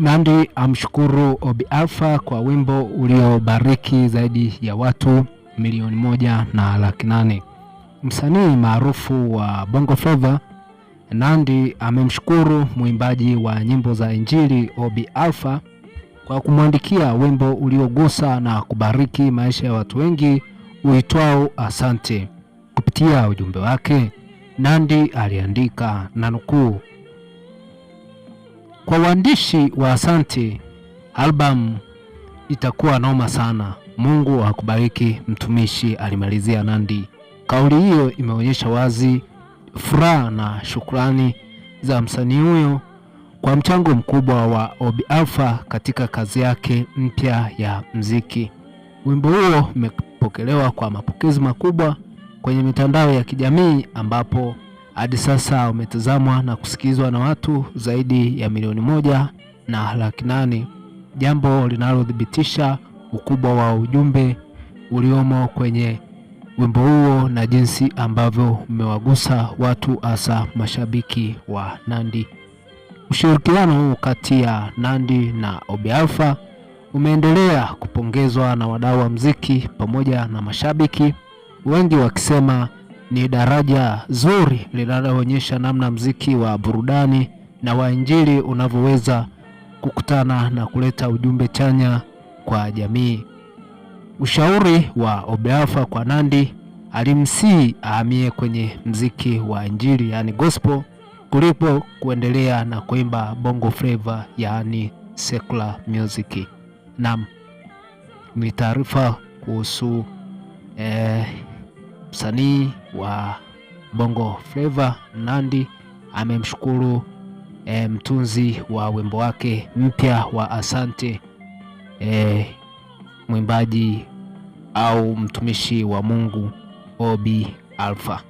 nandi amshukuru Obi Alpha kwa wimbo uliobariki zaidi ya watu milioni moja na laki nane. Msanii maarufu wa Bongo Flava nandi amemshukuru mwimbaji wa nyimbo za Injili Obi Alpha kwa kumwandikia wimbo uliogusa na kubariki maisha ya watu wengi uitwao Asante. Kupitia ujumbe wake, nandi aliandika na nukuu kwa uandishi wa Asante, albamu itakuwa noma sana. Mungu akubariki mtumishi, alimalizia nandi Kauli hiyo imeonyesha wazi furaha na shukrani za msanii huyo kwa mchango mkubwa wa Obi Alpha katika kazi yake mpya ya mziki. Wimbo huo umepokelewa kwa mapokezi makubwa kwenye mitandao ya kijamii ambapo hadi sasa umetazamwa na kusikizwa na watu zaidi ya milioni moja na laki nane, jambo linalothibitisha ukubwa wa ujumbe uliomo kwenye wimbo huo na jinsi ambavyo umewagusa watu, hasa mashabiki wa Nandy. Ushirikiano huu kati ya Nandy na Obe Alpha umeendelea kupongezwa na wadau wa mziki pamoja na mashabiki wengi wakisema ni daraja zuri linaloonyesha namna mziki wa burudani na wa injili unavyoweza kukutana na kuleta ujumbe chanya kwa jamii. Ushauri wa Obeafa kwa Nandi, alimsii ahamie kwenye mziki wa injili, yaani gospel, kulipo kuendelea na kuimba bongo flava, yaani secular music. Naam, ni taarifa kuhusu eh, msanii wa Bongo Flava Nandy amemshukuru e, mtunzi wa wimbo wake mpya wa Asante e, mwimbaji au mtumishi wa Mungu Obi alpha